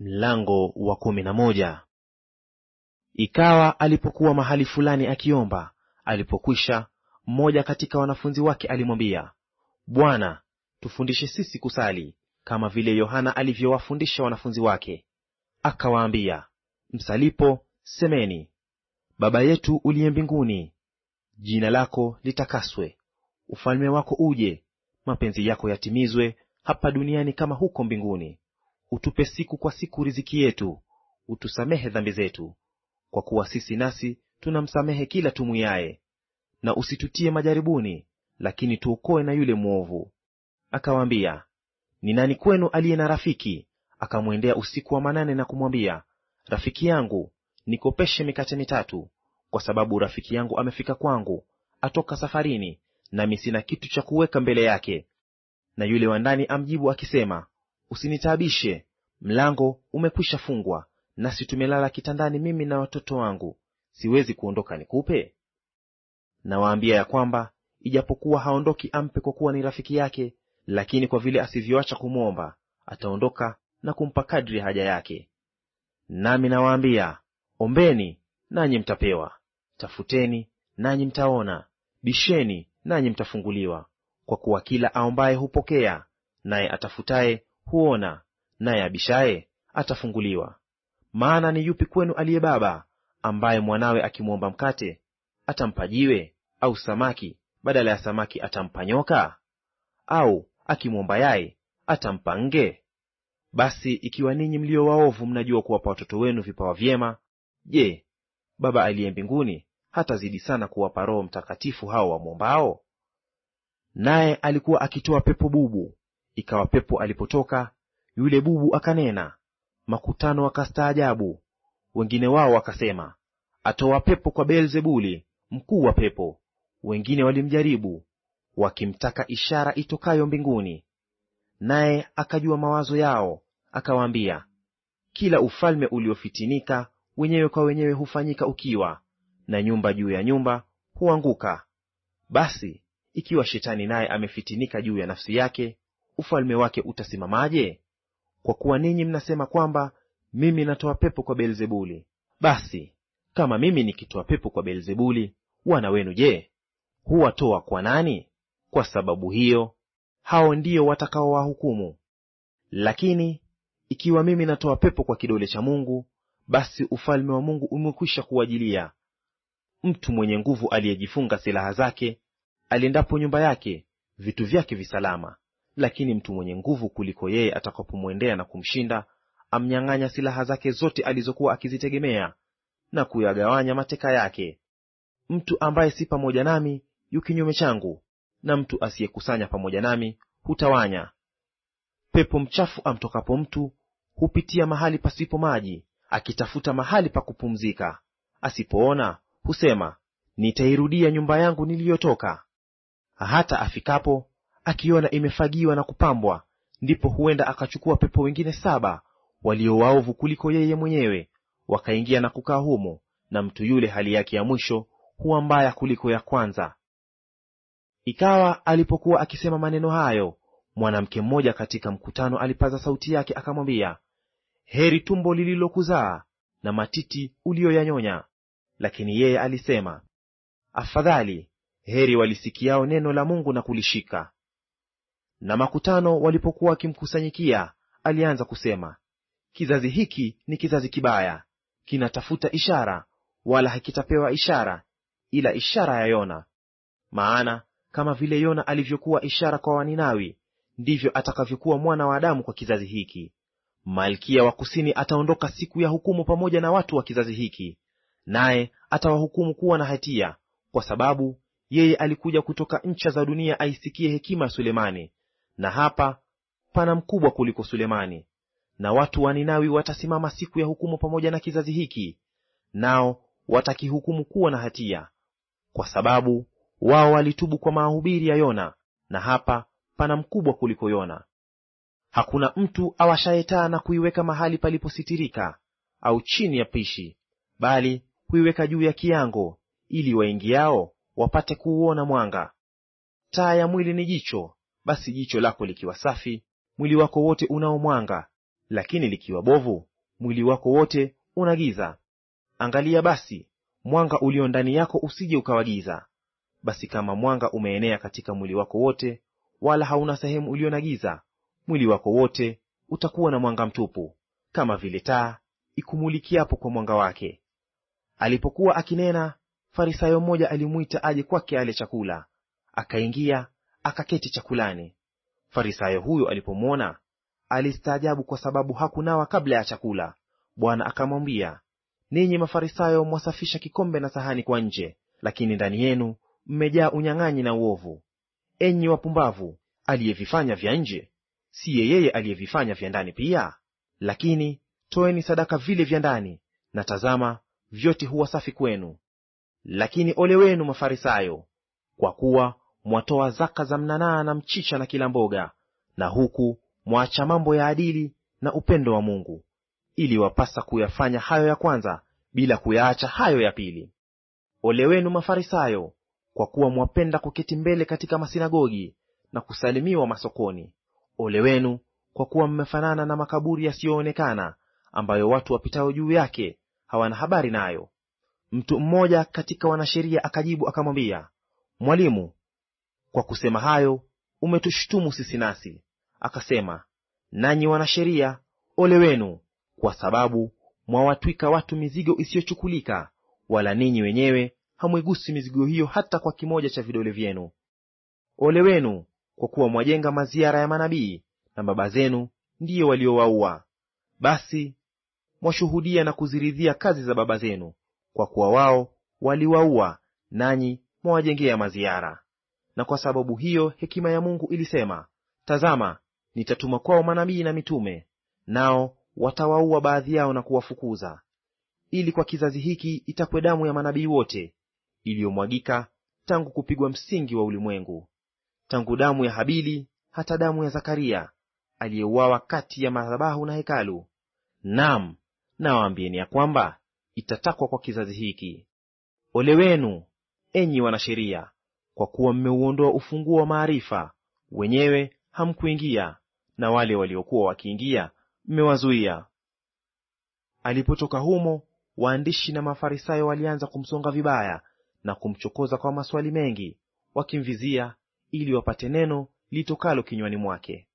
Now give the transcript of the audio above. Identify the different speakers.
Speaker 1: Mlango wa kumi na moja. Ikawa alipokuwa mahali fulani akiomba, alipokwisha, mmoja katika wanafunzi wake alimwambia, Bwana, tufundishe sisi kusali kama vile Yohana alivyowafundisha wanafunzi wake. Akawaambia, msalipo semeni, Baba yetu uliye mbinguni, jina lako litakaswe, ufalme wako uje, mapenzi yako yatimizwe hapa duniani kama huko mbinguni Utupe siku kwa siku riziki yetu, utusamehe dhambi zetu, kwa kuwa sisi nasi tunamsamehe kila tumwiaye, na usitutie majaribuni, lakini tuokoe na yule mwovu. Akawaambia, ni nani kwenu aliye na rafiki akamwendea usiku wa manane na kumwambia, rafiki yangu, nikopeshe mikate mitatu, kwa sababu rafiki yangu amefika kwangu, atoka safarini, nami sina kitu cha kuweka mbele yake? Na yule wa ndani amjibu akisema, usinitaabishe, mlango umekwisha fungwa, nasi tumelala kitandani, mimi na watoto wangu; siwezi kuondoka nikupe? Nawaambia ya kwamba ijapokuwa haondoki ampe, kwa kuwa ni rafiki yake, lakini kwa vile asivyoacha kumwomba, ataondoka na kumpa kadri ya haja yake. Nami nawaambia, ombeni nanyi mtapewa; tafuteni nanyi mtaona; bisheni nanyi mtafunguliwa. Kwa kuwa kila aombaye hupokea, naye atafutaye huona, naye abishaye atafunguliwa. Maana ni yupi kwenu aliye baba ambaye mwanawe akimwomba mkate atampa jiwe, au samaki badala ya samaki atampa nyoka? Au akimwomba yai atampa nge? Basi ikiwa ninyi mlio waovu mnajua kuwapa watoto wenu vipawa vyema, je, Baba aliye mbinguni hatazidi sana kuwapa Roho Mtakatifu hao wamwombao? Naye alikuwa akitoa pepo bubu Ikawa pepo alipotoka yule bubu akanena, makutano wakastaajabu. Wengine wao wakasema, atoa pepo kwa Beelzebuli mkuu wa pepo. Wengine walimjaribu wakimtaka ishara itokayo mbinguni. Naye akajua mawazo yao, akawaambia, kila ufalme uliofitinika wenyewe kwa wenyewe hufanyika ukiwa, na nyumba juu ya nyumba huanguka. Basi ikiwa shetani naye amefitinika juu ya nafsi yake, ufalme wake utasimamaje? Kwa kuwa ninyi mnasema kwamba mimi natoa pepo kwa Beelzebuli. Basi kama mimi nikitoa pepo kwa Beelzebuli, wana wenu je, huwatoa kwa nani? Kwa sababu hiyo hao ndio watakaowahukumu. Lakini ikiwa mimi natoa pepo kwa kidole cha Mungu, basi ufalme wa Mungu umekwisha kuwajilia. Mtu mwenye nguvu aliyejifunga silaha zake aliendapo nyumba yake, vitu vyake visalama lakini mtu mwenye nguvu kuliko yeye atakapomwendea na kumshinda, amnyang'anya silaha zake zote alizokuwa akizitegemea na kuyagawanya mateka yake. Mtu ambaye si pamoja nami yu kinyume changu, na mtu asiyekusanya pamoja nami hutawanya. Pepo mchafu amtokapo mtu hupitia mahali pasipo maji, akitafuta mahali pa kupumzika. Asipoona husema, nitairudia nyumba yangu niliyotoka. Hata afikapo akiona imefagiwa na kupambwa, ndipo huenda akachukua pepo wengine saba walio waovu kuliko yeye mwenyewe, wakaingia na kukaa humo, na mtu yule hali yake ya mwisho huwa mbaya kuliko ya kwanza. Ikawa alipokuwa akisema maneno hayo, mwanamke mmoja katika mkutano alipaza sauti yake akamwambia, heri tumbo lililokuzaa na matiti uliyoyanyonya. Lakini yeye alisema, afadhali heri walisikiao neno la Mungu na kulishika. Na makutano walipokuwa wakimkusanyikia, alianza kusema, kizazi hiki ni kizazi kibaya, kinatafuta ishara, wala hakitapewa ishara ila ishara ya Yona. Maana kama vile Yona alivyokuwa ishara kwa Waninawi, ndivyo atakavyokuwa mwana wa Adamu kwa kizazi hiki. Malkia wa kusini ataondoka siku ya hukumu pamoja na watu wa kizazi hiki, naye atawahukumu kuwa na hatia, kwa sababu yeye alikuja kutoka ncha za dunia aisikie hekima ya Sulemani, na hapa pana mkubwa kuliko Sulemani. Na watu wa Ninawi watasimama siku ya hukumu pamoja na kizazi hiki, nao watakihukumu kuwa na hatia, kwa sababu wao walitubu kwa mahubiri ya Yona, na hapa pana mkubwa kuliko Yona. Hakuna mtu awashaye taa na kuiweka mahali palipositirika au chini ya pishi, bali huiweka juu ya kiango, ili waingiao wapate kuuona mwanga. Taa ya mwili ni jicho. Basi jicho lako likiwa safi, mwili wako wote unao mwanga; lakini likiwa bovu, mwili wako wote una giza. Angalia basi mwanga ulio ndani yako usije ukawa giza. Basi kama mwanga umeenea katika mwili wako wote, wala hauna sehemu ulio na giza, mwili wako wote utakuwa na mwanga mtupu, kama vile taa ikumulikiapo kwa mwanga wake. Alipokuwa akinena, Farisayo mmoja alimwita aje kwake ale chakula. Akaingia akaketi chakulani. Farisayo huyo alipomwona alistaajabu, kwa sababu hakunawa kabla ya chakula. Bwana akamwambia, ninyi Mafarisayo mwasafisha kikombe na sahani kwa nje, lakini ndani yenu mmejaa unyang'anyi na uovu. Enyi wapumbavu, aliyevifanya vya nje si yeye aliyevifanya vya ndani pia? Lakini toeni sadaka vile vya ndani, na tazama, vyote huwa safi kwenu. Lakini ole wenu Mafarisayo, kwa kuwa mwatoa zaka za mnanaa na mchicha na kila mboga, na huku mwaacha mambo ya adili na upendo wa Mungu. Ili wapasa kuyafanya hayo ya kwanza bila kuyaacha hayo ya pili. Ole wenu Mafarisayo, kwa kuwa mwapenda kuketi mbele katika masinagogi na kusalimiwa masokoni. Ole wenu kwa kuwa mmefanana na makaburi yasiyoonekana, ambayo watu wapitao juu yake hawana habari nayo. Mtu mmoja katika wanasheria akajibu akamwambia, Mwalimu, kwa kusema hayo umetushutumu sisi nasi. Akasema, nanyi wanasheria, ole wenu, kwa sababu mwawatwika watu mizigo isiyochukulika, wala ninyi wenyewe hamwigusi mizigo hiyo hata kwa kimoja cha vidole vyenu. Ole wenu, kwa kuwa mwajenga maziara ya manabii, na baba zenu ndiyo waliowaua. Basi mwashuhudia na kuziridhia kazi za baba zenu, kwa kuwa wao waliwaua, nanyi mwawajengea maziara. Na kwa sababu hiyo hekima ya Mungu ilisema, Tazama, nitatuma kwao manabii na mitume, nao watawaua baadhi yao na kuwafukuza, ili kwa kizazi hiki itakwe damu ya manabii wote iliyomwagika tangu kupigwa msingi wa ulimwengu, tangu damu ya Habili hata damu ya Zakaria aliyeuawa kati ya madhabahu na hekalu. Naam, nawaambieni ya kwamba itatakwa kwa kizazi hiki. Ole wenu enyi wanasheria, kwa kuwa mmeuondoa ufunguo wa maarifa, wenyewe hamkuingia, na wale waliokuwa wakiingia mmewazuia. Alipotoka humo, waandishi na Mafarisayo walianza kumsonga vibaya na kumchokoza kwa maswali mengi, wakimvizia ili wapate neno litokalo kinywani mwake.